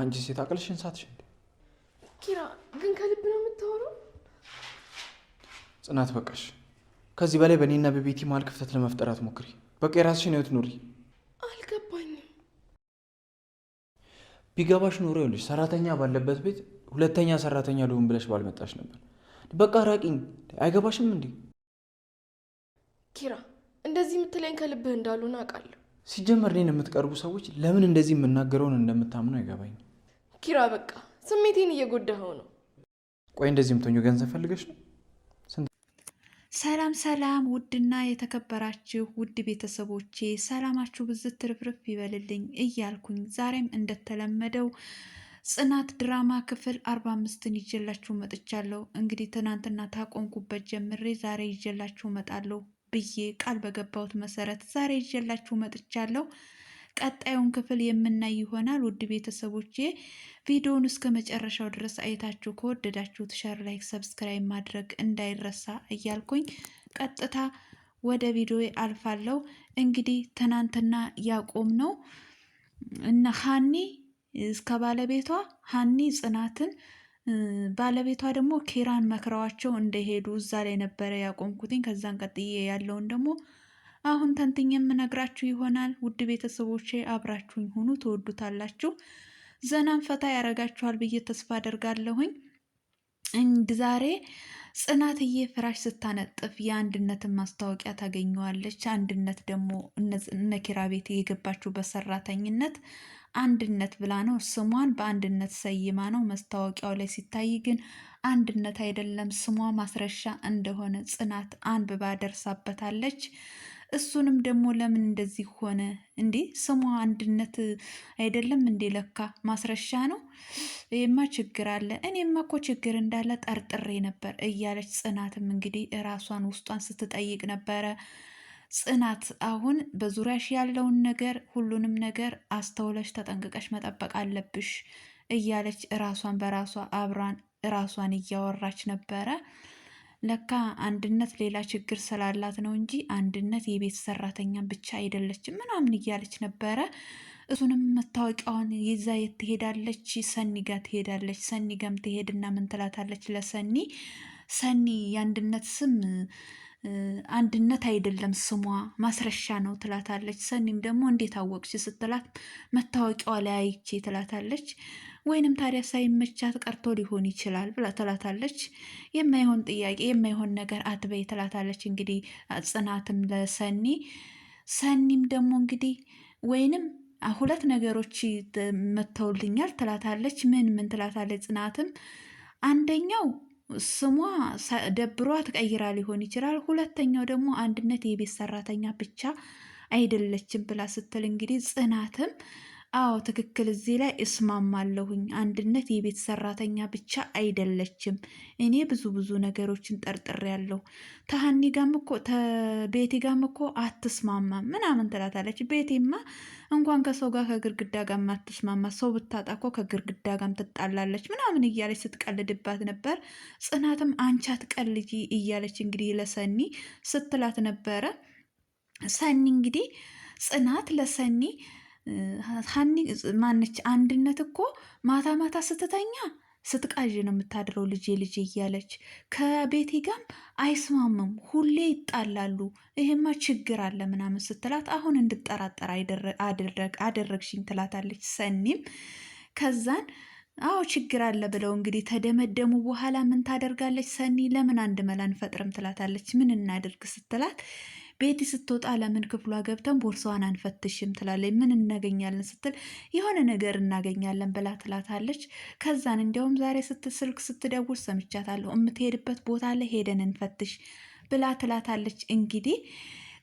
አንቺ ሴት አቅልሽን ሳትሽ እንዴ? ኪራ ግን ከልብ ነው የምታወራው? ጽናት በቃሽ። ከዚህ በላይ በእኔና በቤቲ መሀል ክፍተት ለመፍጠር አትሞክሪ። በቃ የራስሽን ህይወት ኑሪ። አልገባኝም። ቢገባሽ ኑሮ ይኸውልሽ፣ ሰራተኛ ባለበት ቤት ሁለተኛ ሰራተኛ ልሁን ብለሽ ባልመጣሽ ነበር። በቃ ራቂኝ። አይገባሽም እንዴ? ኪራ እንደዚህ የምትለኝ ከልብህ እንዳልሆነ አውቃለሁ። ሲጀመር እኔን የምትቀርቡ ሰዎች ለምን እንደዚህ የምናገረውን እንደምታምኑ አይገባኝም። ኪራ፣ በቃ ስሜቴን እየጎዳኸው ነው። ቆይ እንደዚህ የምትሆኚው ገንዘብ ፈልገሽ ነው? ሰላም ሰላም! ውድና የተከበራችሁ ውድ ቤተሰቦቼ ሰላማችሁ ብዝት ትርፍርፍ ይበልልኝ እያልኩኝ ዛሬም እንደተለመደው ጽናት ድራማ ክፍል አርባ አምስትን ይዤላችሁ መጥቻለሁ። እንግዲህ ትናንትና ታቆምኩበት ጀምሬ ዛሬ ይዤላችሁ መጣለሁ ብዬ ቃል በገባሁት መሰረት ዛሬ ይዤላችሁ መጥቻለሁ። ቀጣዩን ክፍል የምናይ ይሆናል። ውድ ቤተሰቦቼ ቪዲዮውን እስከ መጨረሻው ድረስ አይታችሁ ከወደዳችሁት ሸር፣ ላይክ፣ ሰብስክራይብ ማድረግ እንዳይረሳ እያልኩኝ ቀጥታ ወደ ቪዲዮ አልፋለሁ። እንግዲህ ትናንትና ያቆም ነው እና ሀኒ እስከ ባለቤቷ ሀኒ ጽናትን ባለቤቷ ደግሞ ኪራን መክረዋቸው እንደሄዱ እዛ ላይ ነበረ ያቆምኩትኝ። ከዛን ቀጥዬ ያለውን ደግሞ አሁን ተንትኜ የምነግራችሁ ይሆናል። ውድ ቤተሰቦቼ አብራችሁኝ ሁኑ፣ ትወዱታላችሁ፣ ዘናም ፈታ ያደርጋችኋል ብዬ ተስፋ አደርጋለሁኝ። እንግዲህ ዛሬ ጽናትዬ ፍራሽ ስታነጥፍ የአንድነትን ማስታወቂያ ታገኘዋለች። አንድነት ደግሞ እነ ኪራ ቤት የገባችው በሰራተኝነት አንድነት ብላ ነው። ስሟን በአንድነት ሰይማ ነው። መስታወቂያው ላይ ሲታይ ግን አንድነት አይደለም፣ ስሟ ማስረሻ እንደሆነ ጽናት አንብባ ደርሳበታለች። እሱንም ደግሞ ለምን እንደዚህ ሆነ እንዴ? ስሟ አንድነት አይደለም እንዴ? ለካ ማስረሻ ነው። ይማ ችግር አለ። እኔማ እኮ ችግር እንዳለ ጠርጥሬ ነበር እያለች ጽናትም እንግዲህ ራሷን ውስጧን ስትጠይቅ ነበረ። ጽናት አሁን በዙሪያሽ ያለውን ነገር ሁሉንም ነገር አስተውለሽ ተጠንቅቀሽ መጠበቅ አለብሽ እያለች ራሷን በራሷ አብራን ራሷን እያወራች ነበረ። ለካ አንድነት ሌላ ችግር ስላላት ነው እንጂ አንድነት የቤት ሰራተኛን ብቻ አይደለችም ምናምን እያለች ነበረ። እሱንም መታወቂያውን ይዛ የት ትሄዳለች? ሰኒ ጋር ትሄዳለች። ሰኒ ጋም ትሄድና ምን ትላታለች ለሰኒ ሰኒ የአንድነት ስም አንድነት አይደለም ስሟ ማስረሻ ነው ትላታለች። ሰኒም ደግሞ እንዴት አወቅች ስትላት መታወቂያዋ ላይ አይቼ ትላታለች። ወይንም ታዲያ ሳይመቻት ቀርቶ ሊሆን ይችላል ብላ ትላታለች። የማይሆን ጥያቄ የማይሆን ነገር አትበይ ትላታለች። እንግዲህ ጽናትም ለሰኒ ሰኒም ደግሞ እንግዲህ ወይንም ሁለት ነገሮች መተውልኛል ትላታለች። ምን ምን ትላታለች ጽናትም አንደኛው ስሟ ደብሯ ትቀይራ ሊሆን ይችላል። ሁለተኛው ደግሞ አንድነት የቤት ሰራተኛ ብቻ አይደለችም ብላ ስትል እንግዲህ ጽናትም አዎ ትክክል፣ እዚህ ላይ እስማማለሁኝ። አንድነት የቤት ሰራተኛ ብቻ አይደለችም። እኔ ብዙ ብዙ ነገሮችን ጠርጥሬያለሁ። ተሀኒ ጋም እኮ ቤቴ ጋም እኮ አትስማማ ምናምን ትላታለች። ቤቴማ እንኳን ከሰው ጋር ከግርግዳ ጋም አትስማማ፣ ሰው ብታጣ እኮ ከግርግዳ ጋም ትጣላለች ምናምን እያለች ስትቀልድባት ነበር። ጽናትም አንቺ አትቀልጂ እያለች እንግዲህ ለሰኒ ስትላት ነበረ። ሰኒ እንግዲህ ጽናት ለሰኒ ሀኒ ማነች አንድነት እኮ ማታ ማታ ስትተኛ ስትቃዥ ነው የምታድረው። ልጄ ልጄ እያለች ከቤቴ ጋም አይስማምም፣ ሁሌ ይጣላሉ፣ ይሄማ ችግር አለ ምናምን ስትላት አሁን እንድጠራጠር አደረግሽኝ ትላታለች። ሰኒም ከዛን አዎ ችግር አለ ብለው እንግዲህ ተደመደሙ። በኋላ ምን ታደርጋለች ሰኒ ለምን አንድ መላ አንፈጥርም ትላታለች። ምን እናድርግ ስትላት ቤቲ ስትወጣ ለምን ክፍሏ ገብተን ቦርሳዋን አንፈትሽም ትላለች። ምን እናገኛለን ስትል የሆነ ነገር እናገኛለን ብላ ትላታለች። ከዛን እንዲያውም ዛሬ ስልክ ስትደውል ሰምቻታለሁ፣ የምትሄድበት ቦታ ላይ ሄደን እንፈትሽ ብላ ትላታለች። እንግዲህ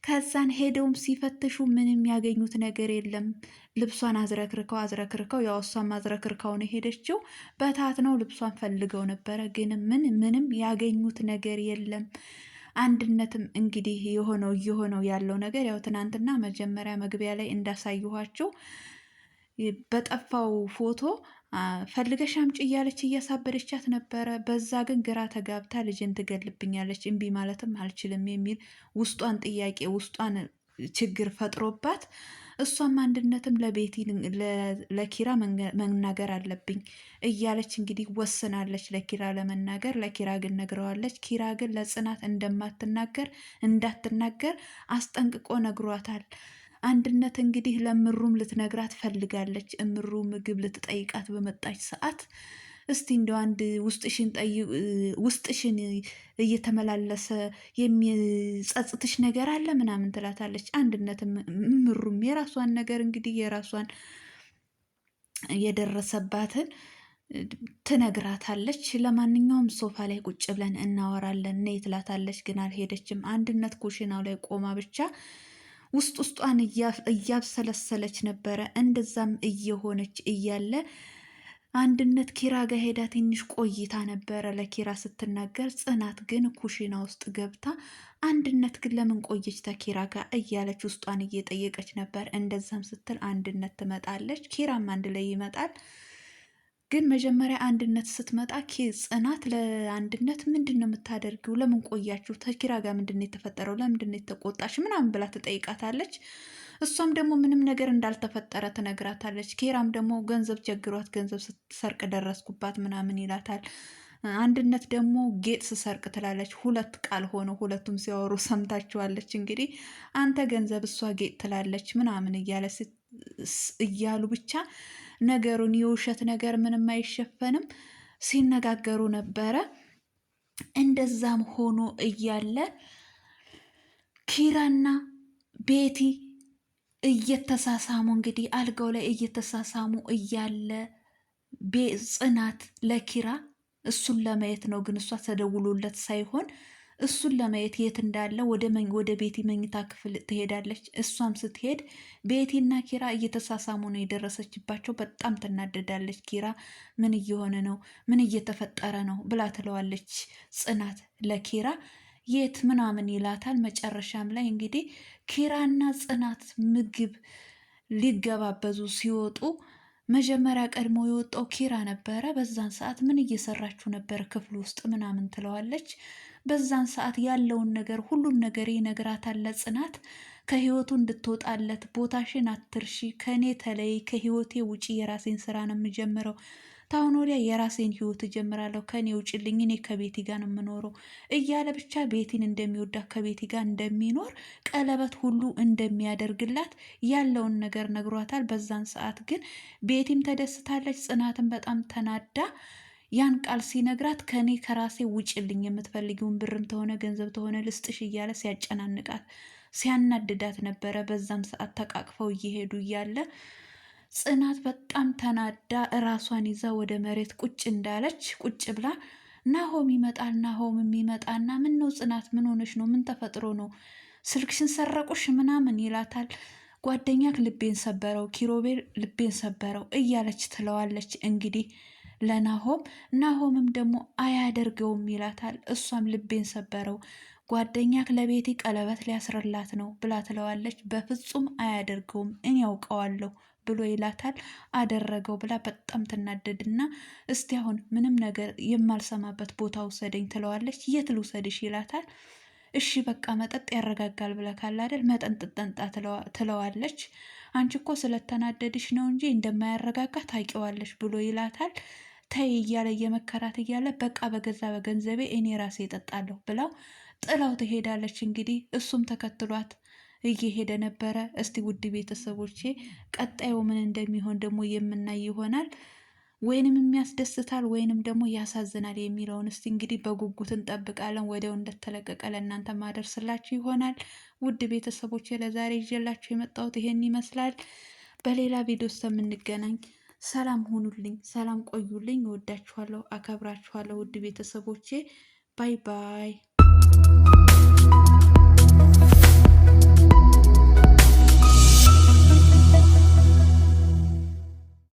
ከዛን ሄደውም ሲፈትሹ ምንም ያገኙት ነገር የለም። ልብሷን አዝረክርከው አዝረክርከው ያው እሷም ነው ሄደችው። በታት ነው ልብሷን ፈልገው ነበረ፣ ግን ምን ምንም ያገኙት ነገር የለም። አንድነትም እንግዲህ የሆነው እየሆነው ያለው ነገር ያው ትናንትና መጀመሪያ መግቢያ ላይ እንዳሳየኋቸው በጠፋው ፎቶ ፈልገሽ አምጪ እያለች እያሳበደቻት ነበረ። በዛ ግን ግራ ተጋብታ ልጅን ትገልብኛለች፣ እምቢ ማለትም አልችልም የሚል ውስጧን ጥያቄ ውስጧን ችግር ፈጥሮባት እሷም አንድነትም ለቤቲ ለኪራ መናገር አለብኝ እያለች እንግዲህ ወስናለች ለኪራ ለመናገር። ለኪራ ግን ነግረዋለች። ኪራ ግን ለጽናት እንደማትናገር እንዳትናገር አስጠንቅቆ ነግሯታል። አንድነት እንግዲህ ለምሩም ልትነግራት ፈልጋለች። እምሩ ምግብ ልትጠይቃት በመጣች ሰዓት እስቲ እንደ አንድ ውስጥሽን ውስጥሽን እየተመላለሰ የሚጸጽትሽ ነገር አለ ምናምን ትላታለች። አንድነትም ምሩም የራሷን ነገር እንግዲህ የራሷን የደረሰባትን ትነግራታለች። ለማንኛውም ሶፋ ላይ ቁጭ ብለን እናወራለን ነይ ትላታለች። ግን አልሄደችም። አንድነት ኩሽናው ላይ ቆማ ብቻ ውስጥ ውስጧን እያብሰለሰለች ነበረ። እንደዛም እየሆነች እያለ አንድነት ኪራ ጋር ሄዳ ትንሽ ቆይታ ነበረ ለኪራ ስትናገር፣ ጽናት ግን ኩሽና ውስጥ ገብታ አንድነት ግን ለምን ቆየች ተኪራ ጋር እያለች ውስጧን እየጠየቀች ነበር። እንደዛም ስትል አንድነት ትመጣለች፣ ኪራም አንድ ላይ ይመጣል። ግን መጀመሪያ አንድነት ስትመጣ ጽናት ለአንድነት ምንድን ነው የምታደርጊው? ለምን ቆያችሁ? ተኪራ ጋር ምንድን ነው የተፈጠረው? ለምንድን ነው የተቆጣች? ምናምን ብላ ትጠይቃታለች። እሷም ደግሞ ምንም ነገር እንዳልተፈጠረ ትነግራታለች። ኬራም ደግሞ ገንዘብ ቸግሯት ገንዘብ ስትሰርቅ ደረስኩባት ምናምን ይላታል። አንድነት ደግሞ ጌጥ ስሰርቅ ትላለች። ሁለት ቃል ሆኖ ሁለቱም ሲያወሩ ሰምታችኋለች። እንግዲህ አንተ ገንዘብ እሷ ጌጥ ትላለች ምናምን እያለ እያሉ ብቻ ነገሩን የውሸት ነገር ምንም አይሸፈንም ሲነጋገሩ ነበረ። እንደዛም ሆኖ እያለ ኪራና ቤቲ እየተሳሳሙ እንግዲህ አልጋው ላይ እየተሳሳሙ እያለ ጽናት ለኪራ እሱን ለማየት ነው። ግን እሷ ተደውሎለት ሳይሆን እሱን ለማየት የት እንዳለ ወደ ቤቲ መኝታ ክፍል ትሄዳለች። እሷም ስትሄድ ቤቲና ኪራ እየተሳሳሙ ነው የደረሰችባቸው። በጣም ትናደዳለች። ኪራ ምን እየሆነ ነው? ምን እየተፈጠረ ነው? ብላ ትለዋለች ጽናት ለኪራ የት ምናምን ይላታል። መጨረሻም ላይ እንግዲህ ኪራና ጽናት ምግብ ሊገባበዙ ሲወጡ መጀመሪያ ቀድሞ የወጣው ኪራ ነበረ። በዛን ሰዓት ምን እየሰራችሁ ነበር ክፍል ውስጥ ምናምን ትለዋለች። በዛን ሰዓት ያለውን ነገር ሁሉን ነገር ይነግራታል ለጽናት ከህይወቱ እንድትወጣለት ቦታሽን አትርሺ፣ ከእኔ ተለይ፣ ከህይወቴ ውጪ የራሴን ስራ ነው የምጀምረው ታሁን ወዲያ የራሴን ህይወት እጀምራለሁ፣ ከኔ ውጭልኝ፣ እኔ ከቤቲ ጋር ነው የምኖረው እያለ ብቻ ቤቲን እንደሚወዳ ከቤቲ ጋር እንደሚኖር ቀለበት ሁሉ እንደሚያደርግላት ያለውን ነገር ነግሯታል። በዛን ሰዓት ግን ቤቲም ተደስታለች። ጽናትን በጣም ተናዳ ያን ቃል ሲነግራት ከኔ ከራሴ ውጭልኝ፣ የምትፈልጊውን ብርም ተሆነ ገንዘብ ተሆነ ልስጥሽ እያለ ሲያጨናንቃት ሲያናድዳት ነበረ። በዛም ሰዓት ተቃቅፈው እየሄዱ እያለ ጽናት በጣም ተናዳ እራሷን ይዛ ወደ መሬት ቁጭ እንዳለች ቁጭ ብላ ናሆም ይመጣል። ናሆም የሚመጣና ምን ነው ጽናት ምን ሆነሽ ነው? ምን ተፈጥሮ ነው? ስልክሽን ሰረቁሽ ምናምን ይላታል። ጓደኛክ ልቤን ሰበረው፣ ኪሮቤል ልቤን ሰበረው እያለች ትለዋለች። እንግዲህ ለናሆም ናሆምም ደግሞ አያደርገውም ይላታል። እሷም ልቤን ሰበረው ጓደኛክ ለቤቴ ቀለበት ሊያስርላት ነው ብላ ትለዋለች። በፍጹም አያደርገውም እኔ ያውቀዋለሁ ብሎ ይላታል። አደረገው ብላ በጣም ትናደድና እስቲ አሁን ምንም ነገር የማልሰማበት ቦታ ውሰደኝ ትለዋለች። የት ልውሰድሽ ይላታል። እሺ በቃ መጠጥ ያረጋጋል ብለህ ካለ አይደል መጠን ጥጠንጣ ትለዋለች። አንቺ እኮ ስለተናደድሽ ነው እንጂ እንደማያረጋጋ ታውቂዋለሽ ብሎ ይላታል። ተይ እያለ እየመከራት እያለ በቃ በገዛ በገንዘቤ እኔ ራሴ እጠጣለሁ ብላው ጥላው ትሄዳለች። እንግዲህ እሱም ተከትሏት እየሄደ ነበረ። እስቲ ውድ ቤተሰቦቼ ቀጣዩ ምን እንደሚሆን ደግሞ የምናይ ይሆናል። ወይንም የሚያስደስታል ወይንም ደግሞ ያሳዝናል የሚለውን እስቲ እንግዲህ በጉጉት እንጠብቃለን። ወዲያው እንደተለቀቀ ለእናንተ ማደርስላችሁ ይሆናል። ውድ ቤተሰቦቼ ለዛሬ ይዤላችሁ የመጣሁት ይሄን ይመስላል። በሌላ ቪዲዮ እስከምንገናኝ ሰላም ሁኑልኝ፣ ሰላም ቆዩልኝ። እወዳችኋለሁ፣ አከብራችኋለሁ ውድ ቤተሰቦቼ። ባይ ባይ።